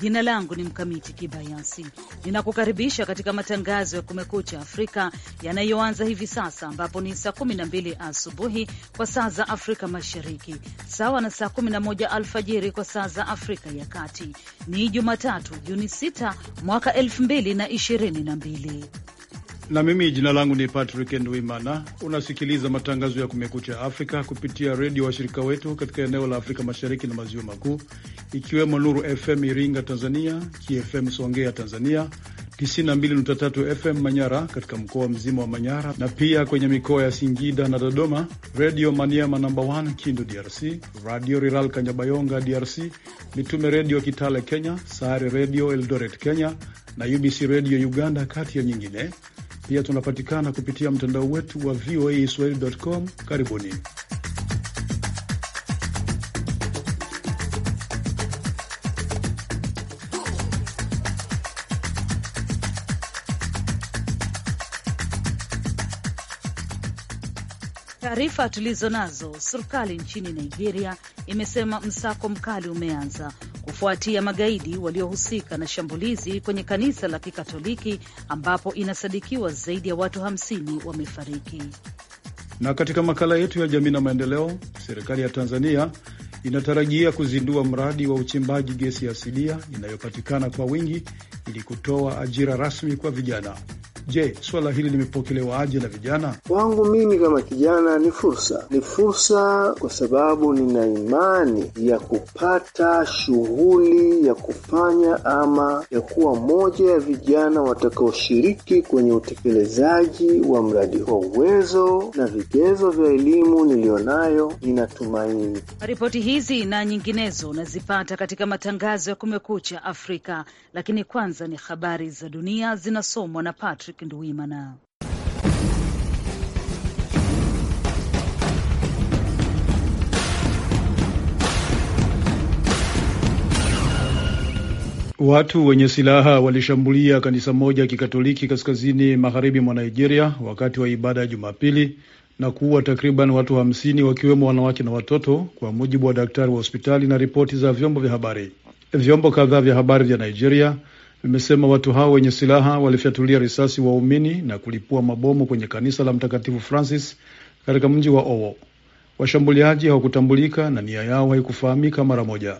Jina langu ni Mkamiti Kibayasi, ninakukaribisha katika matangazo ya Kumekucha Afrika yanayoanza hivi sasa, ambapo ni saa 12 asubuhi kwa saa za Afrika Mashariki, sawa na saa 11 alfajiri kwa saa za Afrika ya Kati. Ni Jumatatu, Juni 6 mwaka 2022 na mimi jina langu ni Patrick Ndwimana. Unasikiliza matangazo ya Kumekucha Afrika kupitia redio washirika wetu katika eneo la Afrika Mashariki na Maziwa Makuu, ikiwemo Nuru FM Iringa Tanzania, KFM Songea Tanzania, 92.3 FM Manyara katika mkoa mzima wa Manyara na pia kwenye mikoa ya Singida na Dodoma, Radio Maniema namba 1 Kindu DRC, Radio Rural Kanyabayonga DRC, Mitume Redio Kitale Kenya, Sare Redio Eldoret Kenya na UBC Redio Uganda, kati ya nyingine. Pia tunapatikana kupitia mtandao wetu wa VOA Swahili.com. Karibuni. Taarifa tulizo nazo, serikali nchini Nigeria imesema msako mkali umeanza kufuatia magaidi waliohusika na shambulizi kwenye kanisa la Kikatoliki ambapo inasadikiwa zaidi ya watu 50 wamefariki. Na katika makala yetu ya jamii na maendeleo, serikali ya Tanzania inatarajia kuzindua mradi wa uchimbaji gesi asilia inayopatikana kwa wingi ili kutoa ajira rasmi kwa vijana. Je, suala hili limepokelewa aje na vijana? Kwangu mimi kama kijana, ni fursa, ni fursa kwa sababu nina imani ya kupata shughuli ya kufanya ama ya kuwa moja ya vijana watakaoshiriki kwenye utekelezaji wa mradi wa Uwezo na vigezo vya elimu niliyonayo, ninatumaini. Ripoti hizi na nyinginezo unazipata katika matangazo ya Kumekucha Afrika, lakini kwanza ni habari za dunia zinasomwa na Patrick Patrick Nduwimana. Watu wenye silaha walishambulia kanisa moja ya Kikatoliki kaskazini magharibi mwa Nigeria wakati wa ibada ya Jumapili na kuua takriban watu hamsini wakiwemo wanawake na watoto, kwa mujibu wa daktari wa hospitali na ripoti za vyombo vya habari. Vyombo kadhaa vya habari vya Nigeria vimesema watu hao wenye silaha walifyatulia risasi waumini na kulipua mabomu kwenye kanisa la Mtakatifu Francis katika mji wa Owo. Washambuliaji hawakutambulika na nia yao haikufahamika mara moja.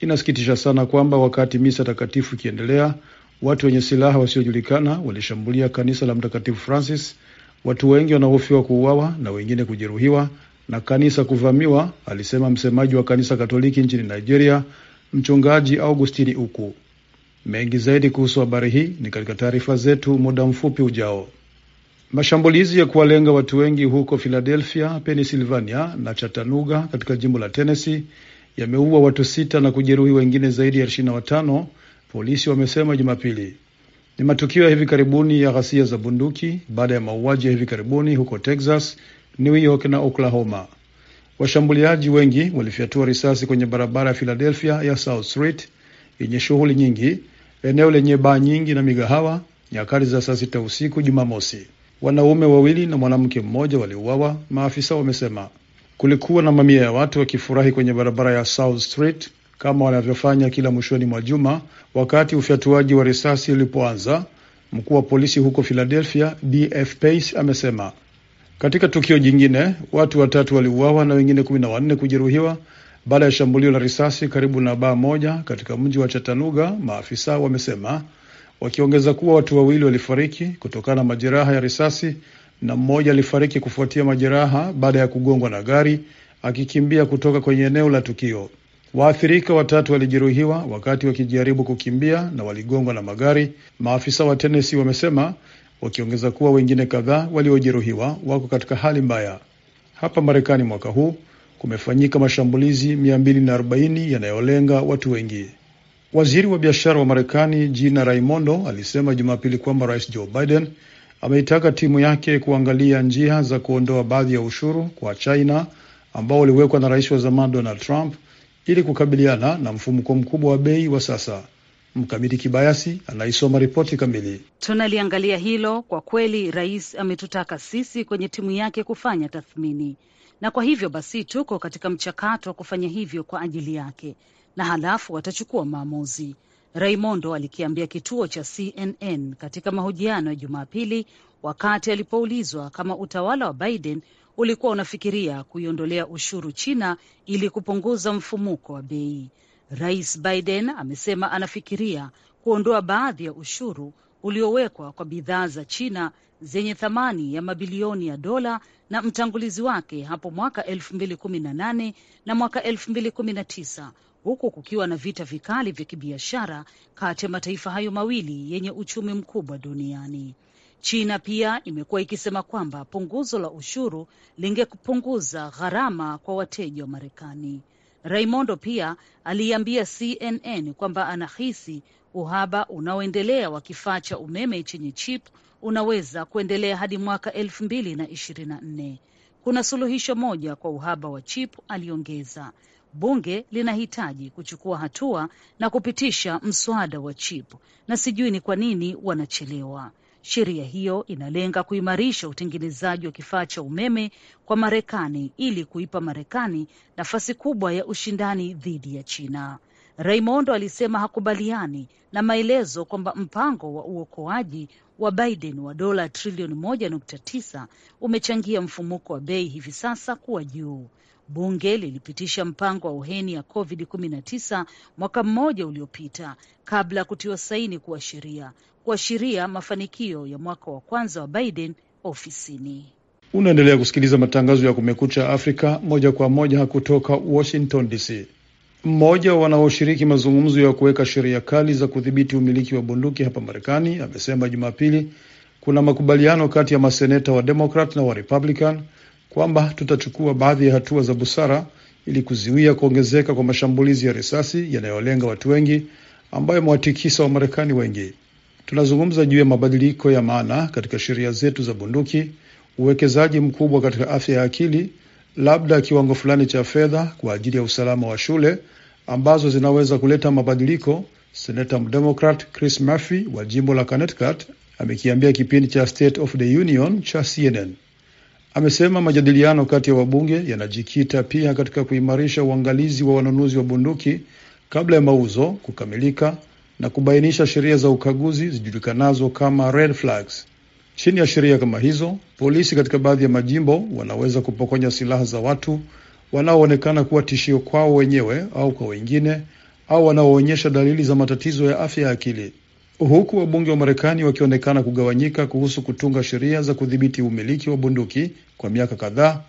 Inasikitisha sana kwamba wakati misa takatifu ikiendelea, watu wenye silaha wasiojulikana walishambulia kanisa la Mtakatifu Francis, watu wengi wanahofiwa kuuawa na wengine kujeruhiwa na kanisa kuvamiwa, alisema msemaji wa kanisa Katoliki nchini Nigeria, mchungaji Augustini Uku. Mengi zaidi kuhusu habari hii ni katika taarifa zetu muda mfupi ujao. Mashambulizi ya kuwalenga watu wengi huko Philadelphia, Pennsylvania na Chattanooga katika jimbo la Tennessee yameua watu sita na kujeruhi wengine zaidi ya ishirini na watano, polisi wamesema Jumapili. Ni matukio ya hivi karibuni ya ghasia za bunduki baada ya mauaji ya hivi karibuni huko Texas, New York na Oklahoma. Washambuliaji wengi walifyatua risasi kwenye barabara ya Philadelphia ya South Street yenye shughuli nyingi, eneo lenye baa nyingi na migahawa nyakati za saa sita usiku Jumamosi. Wanaume wawili na mwanamke mmoja waliuawa, maafisa wamesema. Kulikuwa na mamia ya watu wakifurahi kwenye barabara ya South Street kama wanavyofanya kila mwishoni mwa juma, wakati ufyatuaji wa risasi ulipoanza. Mkuu wa polisi huko Philadelphia DF Pace amesema. Katika tukio jingine, watu watatu waliuawa na wengine kumi na wanne kujeruhiwa baada ya shambulio la risasi karibu na baa moja katika mji wa Chattanooga, maafisa wamesema, wakiongeza kuwa watu wawili walifariki kutokana na majeraha ya risasi na mmoja alifariki kufuatia majeraha baada ya kugongwa na gari akikimbia kutoka kwenye eneo la tukio. Waathirika watatu walijeruhiwa wakati wakijaribu kukimbia na waligongwa na magari, maafisa wa Tennessee wamesema, wakiongeza kuwa wengine kadhaa waliojeruhiwa wako katika hali mbaya. Hapa Marekani mwaka huu kumefanyika mashambulizi 240 yanayolenga watu wengi. Waziri wa biashara wa Marekani Gina Raimondo alisema Jumapili kwamba Rais Joe Biden ameitaka timu yake kuangalia njia za kuondoa baadhi ya ushuru kwa China ambao uliwekwa na rais wa zamani Donald Trump ili kukabiliana na mfumuko mkubwa wa bei wa sasa. Mkamiti Kibayasi anaisoma ripoti kamili. Tunaliangalia hilo. Kwa kweli, rais ametutaka sisi kwenye timu yake kufanya tathmini na kwa hivyo basi tuko katika mchakato wa kufanya hivyo kwa ajili yake, na halafu watachukua maamuzi. Raimondo alikiambia kituo cha CNN katika mahojiano ya Jumapili wakati alipoulizwa kama utawala wa Biden ulikuwa unafikiria kuiondolea ushuru China ili kupunguza mfumuko wa bei. Rais Biden amesema anafikiria kuondoa baadhi ya ushuru uliowekwa kwa bidhaa za China zenye thamani ya mabilioni ya dola na mtangulizi wake hapo mwaka 2018 na mwaka 2019 huku kukiwa na vita vikali vya kibiashara kati ya mataifa hayo mawili yenye uchumi mkubwa duniani. China pia imekuwa ikisema kwamba punguzo la ushuru lingepunguza gharama kwa wateja wa Marekani. Raimondo pia aliiambia CNN kwamba anahisi Uhaba unaoendelea wa kifaa cha umeme chenye chip unaweza kuendelea hadi mwaka elfu mbili na nne. Kuna suluhisho moja kwa uhaba wa chip, aliongeza. Bunge linahitaji kuchukua hatua na kupitisha mswada wa chip, na sijui ni kwa nini wanachelewa. Sheria hiyo inalenga kuimarisha utengenezaji wa kifaa cha umeme kwa Marekani ili kuipa Marekani nafasi kubwa ya ushindani dhidi ya China. Raimondo alisema hakubaliani na maelezo kwamba mpango wa uokoaji wa Biden wa dola trilioni 1.9 umechangia mfumuko wa bei hivi sasa kuwa juu. Bunge lilipitisha mpango wa uheni ya COVID-19 mwaka mmoja uliopita kabla ya kutiwa saini kuwa sheria, kuashiria mafanikio ya mwaka wa kwanza wa Biden ofisini. Unaendelea kusikiliza matangazo ya Kumekucha Afrika moja kwa moja kutoka Washington DC. Mmoja wa wanaoshiriki mazungumzo ya kuweka sheria kali za kudhibiti umiliki wa bunduki hapa Marekani amesema Jumapili kuna makubaliano kati ya maseneta wa Demokrat na wa Republican kwamba tutachukua baadhi ya hatua za busara ili kuziwia kuongezeka kwa mashambulizi ya risasi yanayolenga watu wengi ambayo mwatikisa wa Marekani wengi. Tunazungumza juu ya mabadiliko ya maana katika sheria zetu za bunduki, uwekezaji mkubwa katika afya ya akili labda kiwango fulani cha fedha kwa ajili ya usalama wa shule ambazo zinaweza kuleta mabadiliko. Senata mdemokrat Chris Murphy wa jimbo la Connecticut amekiambia kipindi cha State of the Union cha CNN. Amesema majadiliano kati ya wabunge yanajikita pia katika kuimarisha uangalizi wa wanunuzi wa bunduki kabla ya mauzo kukamilika na kubainisha sheria za ukaguzi zijulikanazo kama red flags. Chini ya sheria kama hizo, polisi katika baadhi ya majimbo wanaweza kupokonya silaha za watu wanaoonekana kuwa tishio kwao wenyewe au kwa wengine au wanaoonyesha dalili za matatizo ya afya ya akili, huku wabunge wa Marekani wakionekana kugawanyika kuhusu kutunga sheria za kudhibiti umiliki wa bunduki kwa miaka kadhaa.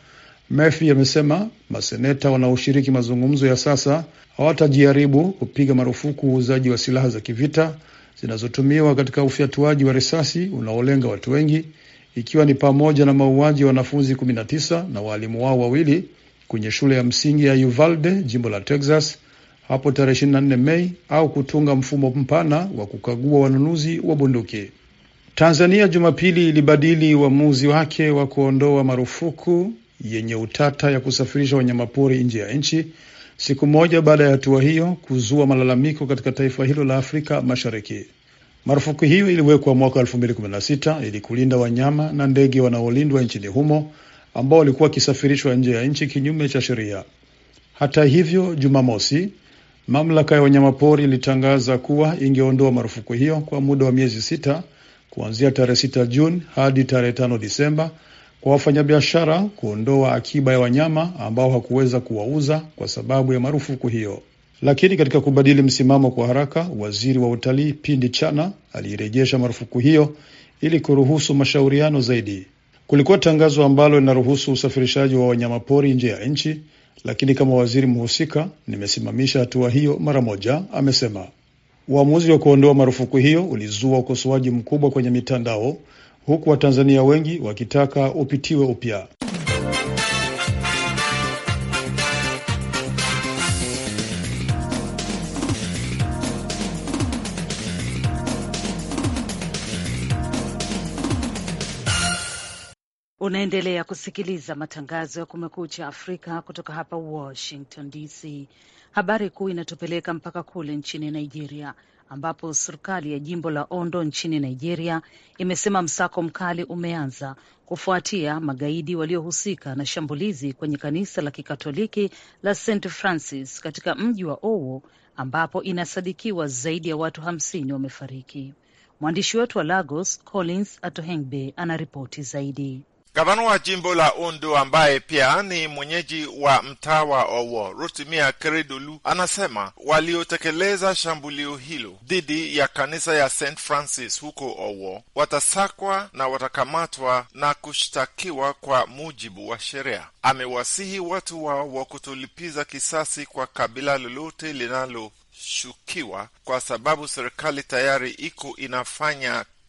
Murphy amesema maseneta wanaoshiriki mazungumzo ya sasa hawatajaribu kupiga marufuku uuzaji wa silaha za kivita zinazotumiwa katika ufyatuaji wa risasi unaolenga watu wengi ikiwa ni pamoja na mauaji ya wanafunzi 19 na waalimu wao wawili kwenye shule ya msingi ya Uvalde, jimbo la Texas hapo tarehe 24 Mei au kutunga mfumo mpana wa kukagua wanunuzi wa bunduki. Tanzania Jumapili ilibadili uamuzi wa wake wa kuondoa marufuku yenye utata ya kusafirisha wanyamapori nje ya nchi siku moja baada ya hatua hiyo kuzua malalamiko katika taifa hilo la Afrika Mashariki. Marufuku hiyo iliwekwa mwaka 2016 ili kulinda wanyama na ndege wanaolindwa nchini humo ambao walikuwa wakisafirishwa nje ya nchi kinyume cha sheria. Hata hivyo, Jumamosi, mamlaka ya wanyamapori ilitangaza kuwa ingeondoa marufuku hiyo kwa muda wa miezi sita kuanzia tarehe 6 Juni hadi tarehe 5 Disemba kwa wafanyabiashara kuondoa akiba ya wanyama ambao hakuweza kuwauza kwa sababu ya marufuku hiyo. Lakini katika kubadili msimamo kwa haraka, waziri wa utalii Pindi Chana aliirejesha marufuku hiyo ili kuruhusu mashauriano zaidi. Kulikuwa tangazo ambalo linaruhusu usafirishaji wa wanyamapori nje ya nchi, lakini kama waziri mhusika, nimesimamisha hatua hiyo mara moja, amesema. Uamuzi wa kuondoa marufuku hiyo ulizua ukosoaji mkubwa kwenye mitandao huku Watanzania wengi wakitaka upitiwe upya. Unaendelea kusikiliza matangazo ya Kumekucha Afrika kutoka hapa Washington DC. Habari kuu inatupeleka mpaka kule nchini Nigeria ambapo serikali ya jimbo la Ondo nchini Nigeria imesema msako mkali umeanza kufuatia magaidi waliohusika na shambulizi kwenye kanisa la Kikatoliki la St Francis katika mji wa Owo ambapo inasadikiwa zaidi ya watu hamsini wamefariki. Mwandishi wetu wa Lagos Collins Atohengbe anaripoti zaidi. Gavana wa jimbo la Ondo ambaye pia ni mwenyeji wa mtaa wa Owo, Rotimia Akeredolu, anasema waliotekeleza shambulio hilo dhidi ya kanisa ya St Francis huko Owo watasakwa na watakamatwa na kushtakiwa kwa mujibu wa sheria. Amewasihi watu wa Owo kutolipiza kisasi kwa kabila lolote linalo shukiwa kwa sababu serikali tayari iko inafanya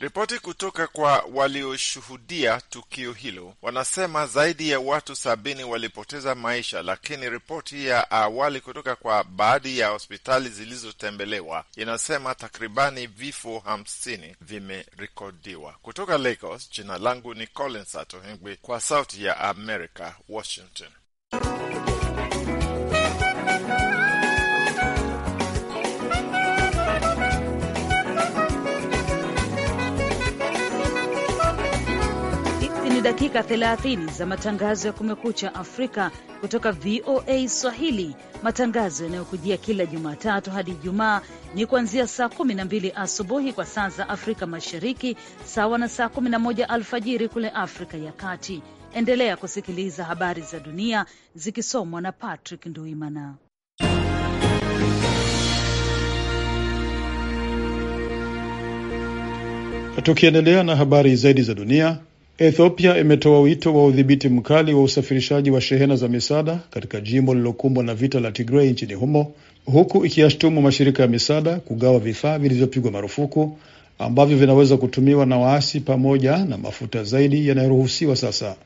Ripoti kutoka kwa walioshuhudia tukio hilo wanasema zaidi ya watu sabini walipoteza maisha, lakini ripoti ya awali kutoka kwa baadhi ya hospitali zilizotembelewa inasema takribani vifo hamsini vimerekodiwa. Kutoka Lagos, jina langu ni Colin Satohengwi, kwa Sauti ya America, Washington. dakika 30 za matangazo ya Kumekucha Afrika kutoka VOA Swahili, matangazo yanayokujia kila Jumatatu hadi Ijumaa ni kuanzia saa 12 asubuhi kwa saa za Afrika Mashariki, sawa na saa 11 alfajiri kule Afrika ya Kati. Endelea kusikiliza habari za dunia zikisomwa na Patrick Nduimana. Tukiendelea na habari zaidi za dunia, Ethiopia imetoa wito wa udhibiti mkali wa usafirishaji wa shehena za misaada katika jimbo lililokumbwa na vita la Tigrei nchini humo, huku ikiyashtumu mashirika ya misaada kugawa vifaa vilivyopigwa marufuku ambavyo vinaweza kutumiwa na waasi pamoja na mafuta zaidi yanayoruhusiwa sasa.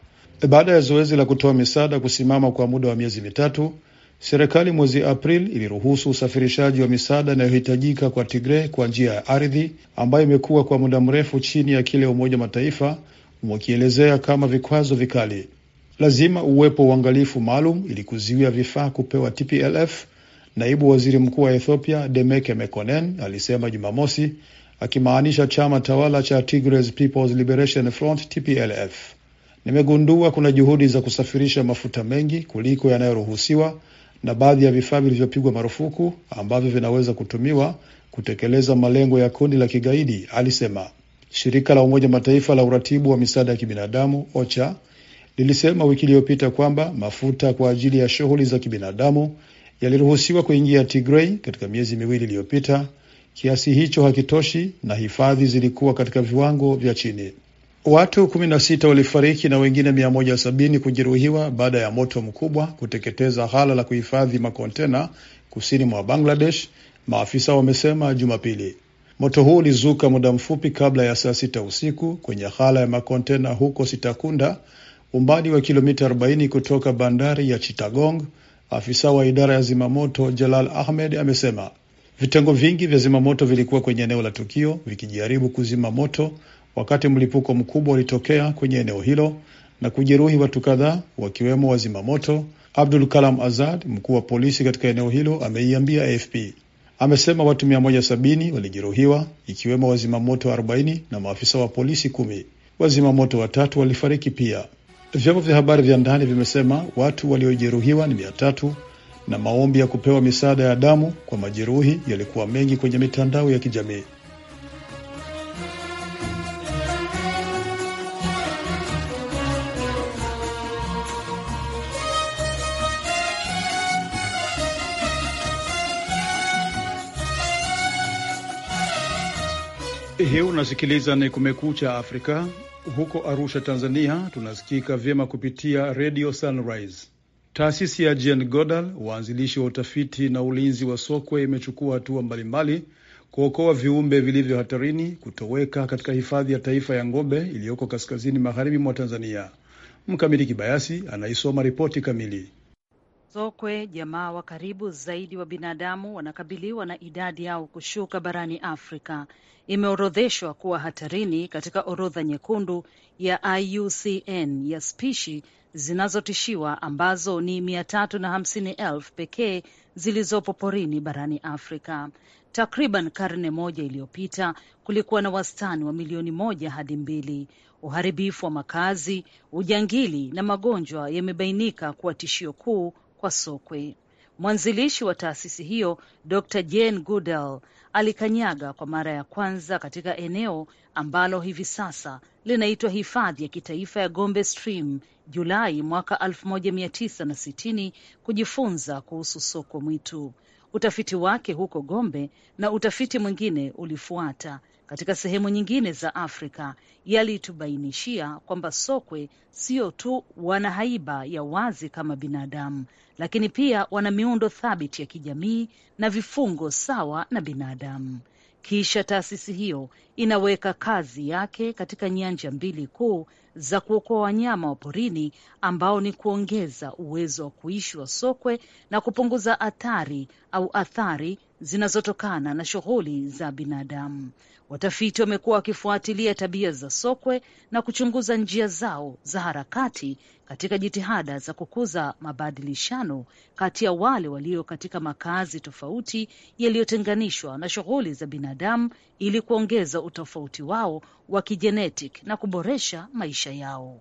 Baada ya zoezi la kutoa misaada kusimama kwa muda wa miezi mitatu, serikali mwezi Aprili iliruhusu usafirishaji wa misaada inayohitajika kwa Tigre kwa njia ya ardhi ambayo imekuwa kwa muda mrefu chini ya kile Umoja Mataifa wakielezea kama vikwazo vikali. Lazima uwepo uangalifu maalum ili kuzuia vifaa kupewa TPLF, naibu waziri mkuu wa Ethiopia Demeke Mekonnen alisema Jumamosi, akimaanisha chama tawala cha Tigray People's Liberation Front TPLF. Nimegundua kuna juhudi za kusafirisha mafuta mengi kuliko yanayoruhusiwa na baadhi ya vifaa vilivyopigwa marufuku ambavyo vinaweza kutumiwa kutekeleza malengo ya kundi la kigaidi, alisema. Shirika la Umoja Mataifa la uratibu wa misaada ya kibinadamu OCHA lilisema wiki iliyopita kwamba mafuta kwa ajili ya shughuli za kibinadamu yaliruhusiwa kuingia Tigray katika miezi miwili iliyopita. Kiasi hicho hakitoshi na hifadhi zilikuwa katika viwango vya chini. Watu 16 walifariki na wengine 170 kujeruhiwa baada ya moto mkubwa kuteketeza ghala la kuhifadhi makontena kusini mwa Bangladesh, maafisa wamesema Jumapili. Moto huu ulizuka muda mfupi kabla ya saa sita usiku kwenye hala ya makontena huko Sitakunda, umbali wa kilomita 40 kutoka bandari ya Chittagong. Afisa wa idara ya zimamoto Jalal Ahmed amesema vitengo vingi vya zimamoto vilikuwa kwenye eneo la tukio vikijaribu kuzima moto wakati mlipuko mkubwa ulitokea kwenye eneo hilo na kujeruhi watu kadhaa wakiwemo wazimamoto. moto. Abdul Kalam Azad, mkuu wa polisi katika eneo hilo, ameiambia AFP amesema watu 170 walijeruhiwa ikiwemo wazimamoto 40 na maafisa wa polisi kumi. Wazimamoto watatu walifariki pia. Vyombo vya habari vya ndani vimesema watu waliojeruhiwa ni mia tatu na maombi ya kupewa misaada ya damu kwa majeruhi yalikuwa mengi kwenye mitandao ya kijamii. Hii unasikiliza ni Kumekucha Afrika. Huko Arusha, Tanzania, tunasikika vyema kupitia Radio Sunrise. Taasisi ya Jane Goodall, waanzilishi wa utafiti na ulinzi wa sokwe, imechukua hatua mbalimbali kuokoa viumbe vilivyo hatarini kutoweka katika hifadhi ya taifa ya Ng'ombe iliyoko kaskazini magharibi mwa Tanzania. Mkamili Kibayasi anaisoma ripoti kamili. Sokwe, jamaa wa karibu zaidi wa binadamu, wanakabiliwa na idadi yao kushuka barani Afrika. Imeorodheshwa kuwa hatarini katika orodha nyekundu ya IUCN ya spishi zinazotishiwa ambazo ni 350,000 pekee zilizopo porini barani Afrika. Takriban karne moja iliyopita kulikuwa na wastani wa milioni moja hadi mbili. Uharibifu wa makazi, ujangili na magonjwa yamebainika kuwa tishio kuu kwa sokwe. Mwanzilishi wa taasisi hiyo Dr Jane Goodall alikanyaga kwa mara ya kwanza katika eneo ambalo hivi sasa linaitwa hifadhi ya kitaifa ya Gombe Stream Julai mwaka 1960 kujifunza kuhusu sokwe mwitu. Utafiti wake huko Gombe na utafiti mwingine ulifuata katika sehemu nyingine za Afrika yalitubainishia kwamba sokwe sio tu wana haiba ya wazi kama binadamu, lakini pia wana miundo thabiti ya kijamii na vifungo sawa na binadamu. Kisha taasisi hiyo inaweka kazi yake katika nyanja mbili kuu za kuokoa wanyama wa porini ambao ni kuongeza uwezo wa kuishi wa sokwe na kupunguza athari au athari zinazotokana na shughuli za binadamu. Watafiti wamekuwa wakifuatilia tabia za sokwe na kuchunguza njia zao za harakati katika jitihada za kukuza mabadilishano kati ya wale walio katika makazi tofauti yaliyotenganishwa na shughuli za binadamu ili kuongeza utofauti wao wa kijenetic na kuboresha maisha yao.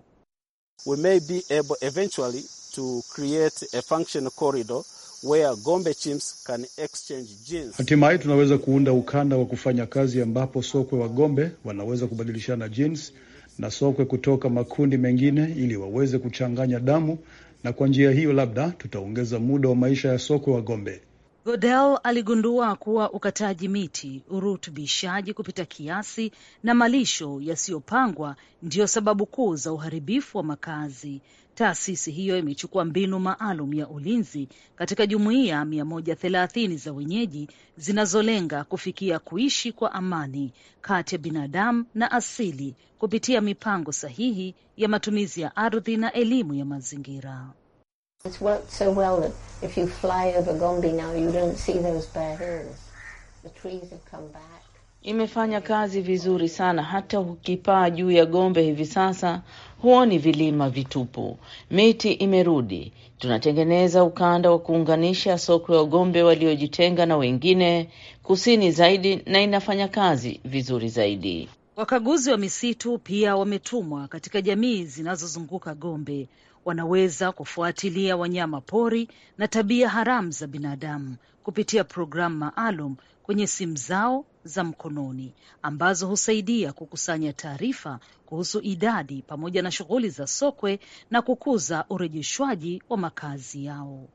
We may be able eventually to create a functional corridor where Gombe chimps can exchange genes. Hatimaye tunaweza kuunda ukanda wa kufanya kazi ambapo sokwe wa Gombe wanaweza kubadilishana genes na sokwe kutoka makundi mengine ili waweze kuchanganya damu, na kwa njia hiyo labda tutaongeza muda wa maisha ya sokwe wa Gombe. Godel aligundua kuwa ukataji miti, urutubishaji kupita kiasi na malisho yasiyopangwa ndiyo sababu kuu za uharibifu wa makazi. Taasisi hiyo imechukua mbinu maalum ya ulinzi katika jumuiya 130 za wenyeji zinazolenga kufikia kuishi kwa amani kati ya binadamu na asili kupitia mipango sahihi ya matumizi ya ardhi na elimu ya mazingira. It's worked so well that if you fly over Gombe now you don't see those bare hills. The trees have come back. Imefanya kazi vizuri sana, hata ukipaa juu ya Gombe hivi sasa huoni vilima vitupu, miti imerudi. Tunatengeneza ukanda wa kuunganisha soko ya Gombe waliojitenga na wengine kusini zaidi, na inafanya kazi vizuri zaidi. Wakaguzi wa misitu pia wametumwa katika jamii zinazozunguka Gombe. Wanaweza kufuatilia wanyama pori na tabia haramu za binadamu kupitia programu maalum kwenye simu zao za mkononi ambazo husaidia kukusanya taarifa kuhusu idadi pamoja na shughuli za sokwe na kukuza urejeshwaji wa makazi yao.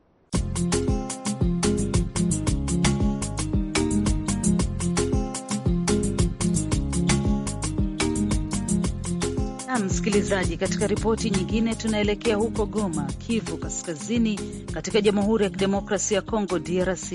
Na msikilizaji, katika ripoti nyingine, tunaelekea huko Goma, Kivu Kaskazini, katika Jamhuri ya Kidemokrasia ya Kongo, DRC,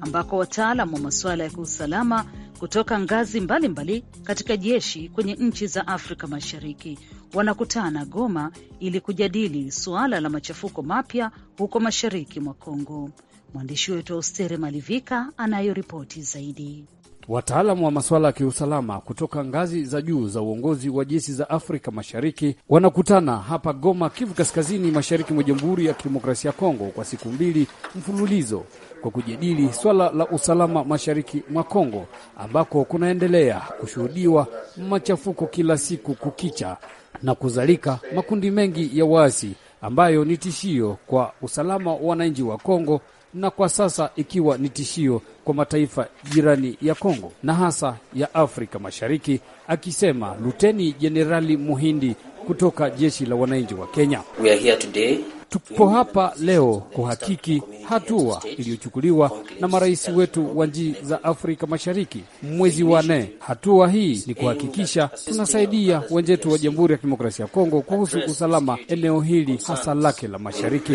ambako wataalam wa masuala ya kiusalama kutoka ngazi mbalimbali mbali katika jeshi kwenye nchi za Afrika Mashariki wanakutana Goma ili kujadili suala la machafuko mapya huko mashariki mwa Kongo. Mwandishi wetu Austere Malivika anayo ripoti zaidi. Wataalamu wa masuala ya kiusalama kutoka ngazi za juu za uongozi wa jeshi za Afrika Mashariki wanakutana hapa Goma, Kivu Kaskazini, mashariki mwa Jamhuri ya Kidemokrasia ya Kongo kwa siku mbili mfululizo kwa kujadili swala la usalama mashariki mwa Kongo ambako kunaendelea kushuhudiwa machafuko kila siku kukicha na kuzalika makundi mengi ya waasi ambayo ni tishio kwa usalama wa wananchi wa Kongo na kwa sasa ikiwa ni tishio kwa mataifa jirani ya Kongo na hasa ya Afrika Mashariki, akisema Luteni Jenerali Muhindi kutoka jeshi la wananchi wa Kenya. We are here today Tupo hapa leo kuhakiki hatua iliyochukuliwa na marais wetu wa nchi za Afrika Mashariki mwezi wa nne. Hatua hii ni kuhakikisha tunasaidia wenzetu wa Jamhuri ya Kidemokrasia ya Kongo kuhusu usalama eneo hili hasa lake la mashariki.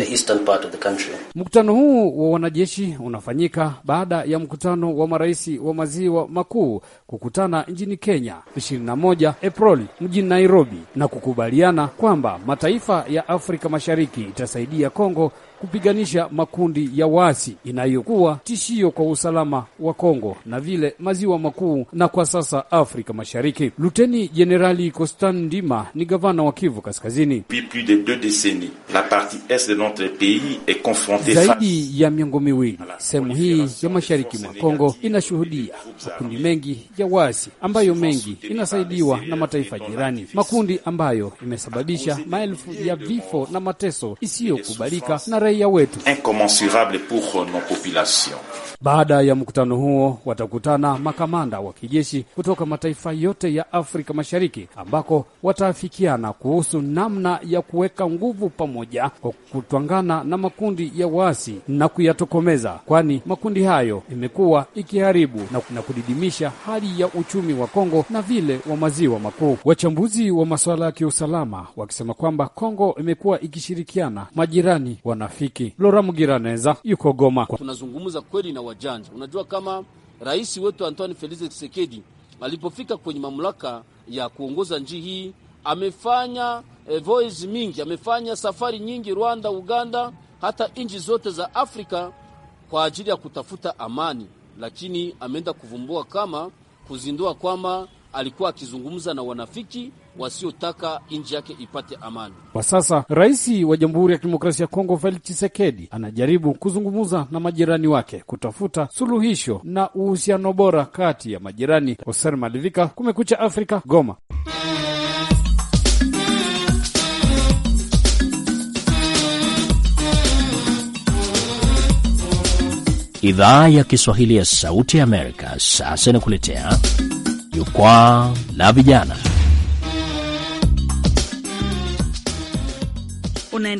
Mkutano huu wa wanajeshi unafanyika baada ya mkutano wa marais wa maziwa makuu kukutana nchini Kenya 21 Aprili mjini Nairobi na kukubaliana kwamba mataifa ya Afrika Mashariki ita itasaidia Kongo kupiganisha makundi ya waasi inayokuwa tishio kwa usalama wa Kongo na vile maziwa makuu na kwa sasa Afrika Mashariki. Luteni Jenerali Costan Ndima ni gavana wa Kivu Kaskazini. Zaidi ya miongo miwili, sehemu hii ya mashariki mwa Kongo inashuhudia makundi mengi ya waasi ambayo mengi inasaidiwa na mataifa jirani, makundi ambayo imesababisha maelfu ya vifo na mateso isiyokubalika na Incommensurable pour nos populations. Baada ya mkutano huo watakutana makamanda wa kijeshi kutoka mataifa yote ya Afrika Mashariki, ambako wataafikiana kuhusu namna ya kuweka nguvu pamoja kwa kutwangana na makundi ya waasi na kuyatokomeza, kwani makundi hayo imekuwa ikiharibu na kudidimisha hali ya uchumi wa Kongo na vile wa maziwa makuu. Wachambuzi wa masuala ya kiusalama wakisema kwamba Kongo imekuwa ikishirikiana majirani wanafiki. Lora Mugiraneza yuko Goma. tunazungumza kweli na wajanja. Unajua kama rais wetu Antoine Felix Tshisekedi alipofika kwenye mamlaka ya kuongoza nchi hii amefanya eh, voyage mingi, amefanya safari nyingi Rwanda, Uganda, hata nchi zote za Afrika kwa ajili ya kutafuta amani, lakini ameenda kuvumbua kama kuzindua kwamba alikuwa akizungumza na wanafiki wasiotaka nchi yake ipate amani. Kwa sasa rais wa Jamhuri ya Kidemokrasia ya Kongo Felix Tshisekedi anajaribu kuzungumza na majirani wake kutafuta suluhisho na uhusiano bora kati ya majirani. Hoser Malivika, Kumekucha Afrika, Goma. Idhaa ya Kiswahili ya Sauti ya Amerika sasa inakuletea jukwaa la vijana.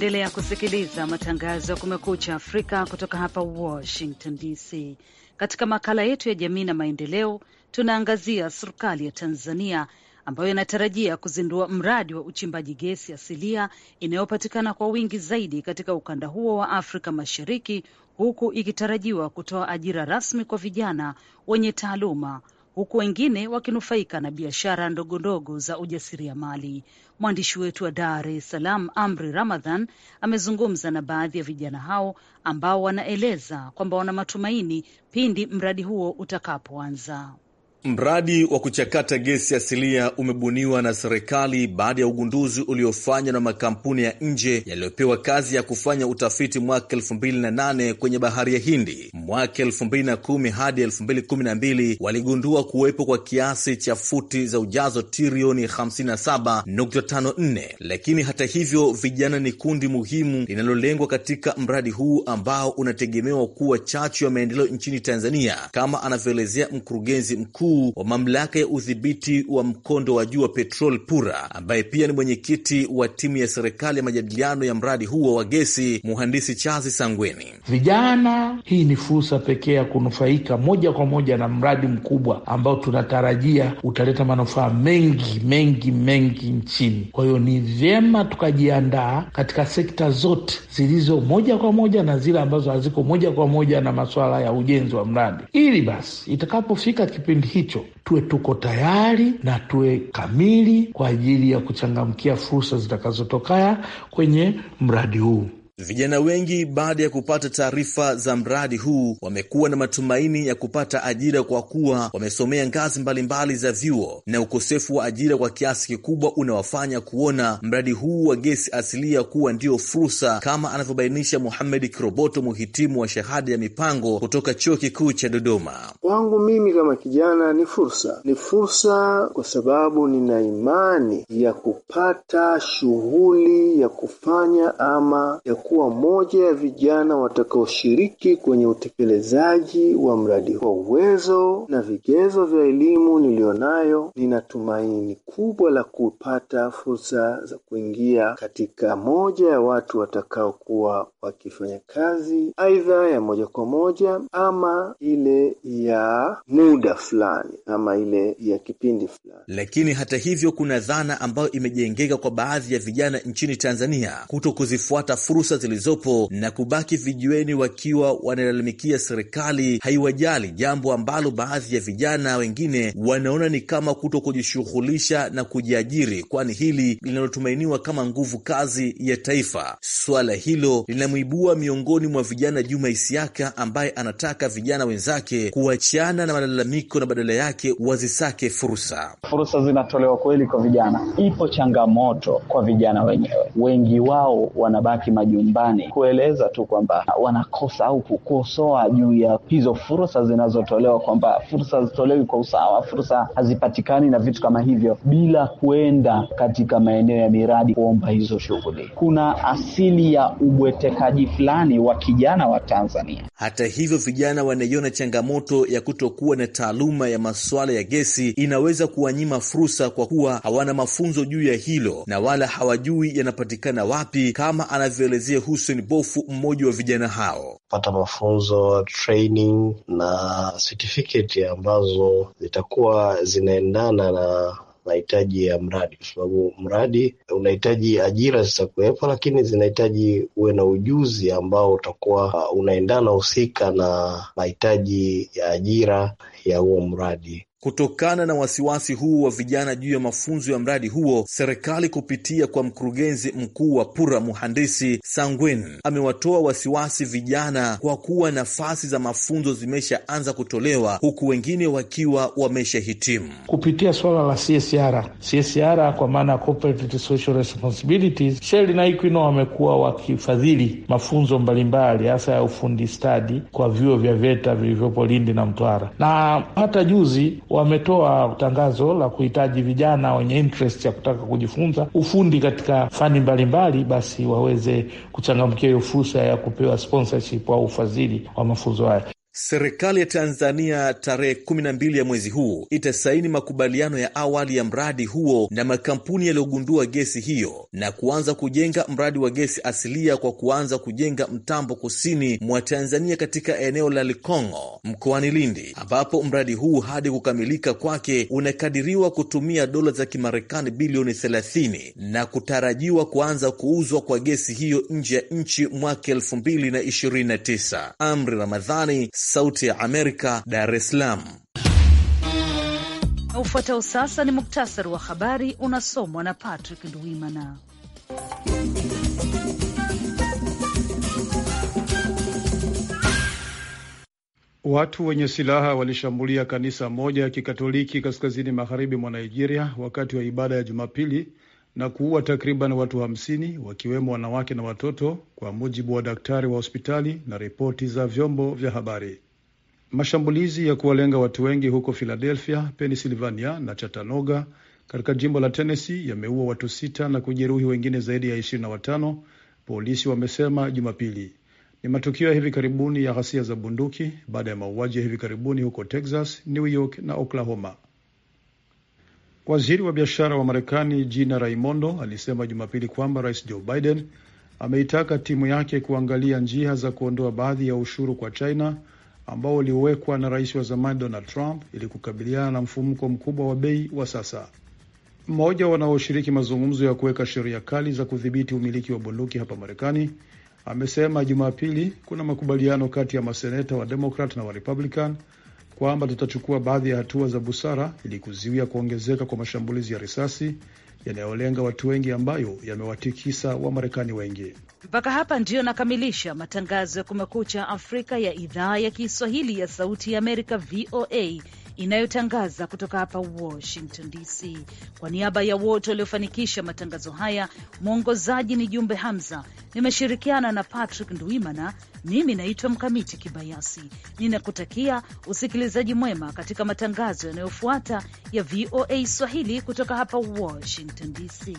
Unaendelea kusikiliza matangazo ya Kumekucha Afrika kutoka hapa Washington DC. Katika makala yetu ya jamii na maendeleo, tunaangazia serikali ya Tanzania ambayo inatarajia kuzindua mradi wa uchimbaji gesi asilia inayopatikana kwa wingi zaidi katika ukanda huo wa Afrika Mashariki, huku ikitarajiwa kutoa ajira rasmi kwa vijana wenye taaluma huku wengine wakinufaika na biashara ndogondogo za ujasiriamali. Mwandishi wetu wa Dar es Salaam, Amri Ramadhan, amezungumza na baadhi ya vijana hao ambao wanaeleza kwamba wana matumaini pindi mradi huo utakapoanza. Mradi wa kuchakata gesi asilia umebuniwa na serikali baada ya ugunduzi uliofanywa na makampuni ya nje yaliyopewa kazi ya kufanya utafiti mwaka 2008 kwenye bahari ya Hindi. Mwaka 2010 hadi 2012 waligundua kuwepo kwa kiasi cha futi za ujazo trilioni 57.54. Lakini hata hivyo, vijana ni kundi muhimu linalolengwa katika mradi huu ambao unategemewa kuwa chachu ya maendeleo nchini Tanzania, kama anavyoelezea mkurugenzi mkuu mkuu wa mamlaka ya udhibiti wa mkondo wa juu wa petrol Pura, ambaye pia ni mwenyekiti wa timu ya serikali ya majadiliano ya mradi huo wa gesi, Mhandisi Chazi Sangweni. Vijana, hii ni fursa pekee ya kunufaika moja kwa moja na mradi mkubwa ambao tunatarajia utaleta manufaa mengi mengi mengi nchini. Kwa hiyo ni vyema tukajiandaa katika sekta zote zilizo moja kwa moja na zile ambazo haziko moja kwa moja na masuala ya ujenzi wa mradi, ili basi itakapofika kipindi hii hicho, tuwe tuko tayari na tuwe kamili kwa ajili ya kuchangamkia fursa zitakazotokea kwenye mradi huu. Vijana wengi baada ya kupata taarifa za mradi huu wamekuwa na matumaini ya kupata ajira kwa kuwa wamesomea ngazi mbalimbali za vyuo, na ukosefu wa ajira kwa kiasi kikubwa unawafanya kuona mradi huu wa gesi asilia kuwa ndio fursa, kama anavyobainisha Muhamedi Kiroboto, muhitimu wa shahada ya mipango kutoka Chuo Kikuu cha Dodoma. Kwangu mimi kama kijana, ni fursa, ni fursa kwa sababu nina imani ya kupata shughuli ya kufanya ama ya kuwa moja ya vijana watakaoshiriki kwenye utekelezaji wa mradi kwa uwezo na vigezo vya elimu niliyonayo, nina tumaini kubwa la kupata fursa za kuingia katika moja ya watu watakaokuwa wakifanya kazi aidha ya moja kwa moja ama ile ya muda fulani ama ile ya kipindi fulani. Lakini hata hivyo, kuna dhana ambayo imejengeka kwa baadhi ya vijana nchini Tanzania kuto kuzifuata fursa zilizopo na kubaki vijiweni wakiwa wanalalamikia serikali haiwajali, jambo ambalo baadhi ya vijana wengine wanaona ni kama kuto kujishughulisha na kujiajiri, kwani hili linalotumainiwa kama nguvu kazi ya taifa. Swala hilo linamwibua miongoni mwa vijana Juma Isiaka ambaye anataka vijana wenzake kuachana na malalamiko na badala yake wazisake fursa. Fursa zinatolewa kweli kwa vijana, ipo changamoto kwa vijana wenyewe, wengi wao wanabaki majuni nyumbani kueleza tu kwamba wanakosa au kukosoa juu ya hizo fursa zinazotolewa, kwamba fursa hazitolewi kwa usawa, fursa hazipatikani na vitu kama hivyo, bila kuenda katika maeneo ya miradi kuomba hizo shughuli. Kuna asili ya ubwetekaji fulani wa kijana wa Tanzania. Hata hivyo, vijana wanaiona changamoto ya kutokuwa na taaluma ya masuala ya gesi inaweza kuwanyima fursa, kwa kuwa hawana mafunzo juu ya hilo na wala hawajui yanapatikana wapi, kama anavyoelezea Mzee Hussein Bofu, mmoja wa vijana hao. Pata mafunzo training na certificate ambazo zitakuwa zinaendana na mahitaji ya mradi, kwa sababu mradi unahitaji ajira zitakuwepo, lakini zinahitaji uwe na ujuzi ambao utakuwa uh, unaendana husika na mahitaji ya ajira ya huo mradi. Kutokana na wasiwasi huu wa vijana juu ya mafunzo ya mradi huo, serikali kupitia kwa mkurugenzi mkuu wa PURA muhandisi Sangwin amewatoa wasiwasi vijana kwa kuwa nafasi za mafunzo zimeshaanza kutolewa huku wengine wakiwa wameshahitimu. Kupitia swala la CSR, CSR kwa maana ya Corporate Social Responsibilities, Shell na Equinor wamekuwa wakifadhili mafunzo mbalimbali hasa ya ufundi stadi kwa vyuo vya VETA vilivyopo Lindi na Mtwara, na hata juzi wametoa tangazo la kuhitaji vijana wenye interest ya kutaka kujifunza ufundi katika fani mbalimbali, basi waweze kuchangamkia hiyo fursa ya kupewa sponsorship au ufadhili wa mafunzo haya. Serikali ya Tanzania tarehe 12 ya mwezi huu itasaini makubaliano ya awali ya mradi huo na makampuni yaliyogundua gesi hiyo na kuanza kujenga mradi wa gesi asilia kwa kuanza kujenga mtambo kusini mwa Tanzania katika eneo la Likong'o mkoani Lindi, ambapo mradi huu hadi kukamilika kwake unakadiriwa kutumia dola za Kimarekani bilioni 30 na kutarajiwa kuanza kuuzwa kwa gesi hiyo nje ya nchi mwaka 2029. Amri Ramadhani, Sauti ya Amerika, Dar es Salaam. Ufuatao sasa ni muktasari wa habari unasomwa na Patrick Ndwimana. Watu wenye silaha walishambulia kanisa moja ya Kikatoliki kaskazini magharibi mwa Nigeria wakati wa ibada ya Jumapili na kuua takriban watu hamsini wakiwemo wanawake na watoto, kwa mujibu wa daktari wa hospitali na ripoti za vyombo vya habari. Mashambulizi ya kuwalenga watu wengi huko Philadelphia, Pennsylvania na Chattanooga katika jimbo la Tennessee yameua watu sita na kujeruhi wengine zaidi ya ishirini na watano, polisi wamesema Jumapili. Ni matukio ya hivi karibuni ya ghasia za bunduki baada ya mauaji ya hivi karibuni huko Texas, New York na Oklahoma. Waziri wa biashara wa Marekani Gina Raimondo alisema Jumapili kwamba Rais Joe Biden ameitaka timu yake kuangalia njia za kuondoa baadhi ya ushuru kwa China ambao uliowekwa na rais wa zamani Donald Trump ili kukabiliana na mfumuko mkubwa wa bei wa sasa. Mmoja wanaoshiriki mazungumzo ya kuweka sheria kali za kudhibiti umiliki wa bunduki hapa Marekani amesema Jumapili kuna makubaliano kati ya maseneta wa Demokrat na wa Republican kwamba tutachukua baadhi ya hatua za busara ili kuzuia kuongezeka kwa mashambulizi ya risasi yanayolenga watu wengi ambayo yamewatikisa Wamarekani wengi. Mpaka hapa ndiyo nakamilisha matangazo ya Kumekucha Afrika ya idhaa ya Kiswahili ya Sauti ya Amerika, VOA, inayotangaza kutoka hapa Washington DC. Kwa niaba ya wote waliofanikisha matangazo haya, mwongozaji ni Jumbe Hamza, nimeshirikiana na Patrick Ndwimana. Mimi naitwa Mkamiti Kibayasi, ninakutakia usikilizaji mwema katika matangazo yanayofuata ya VOA Swahili kutoka hapa Washington DC.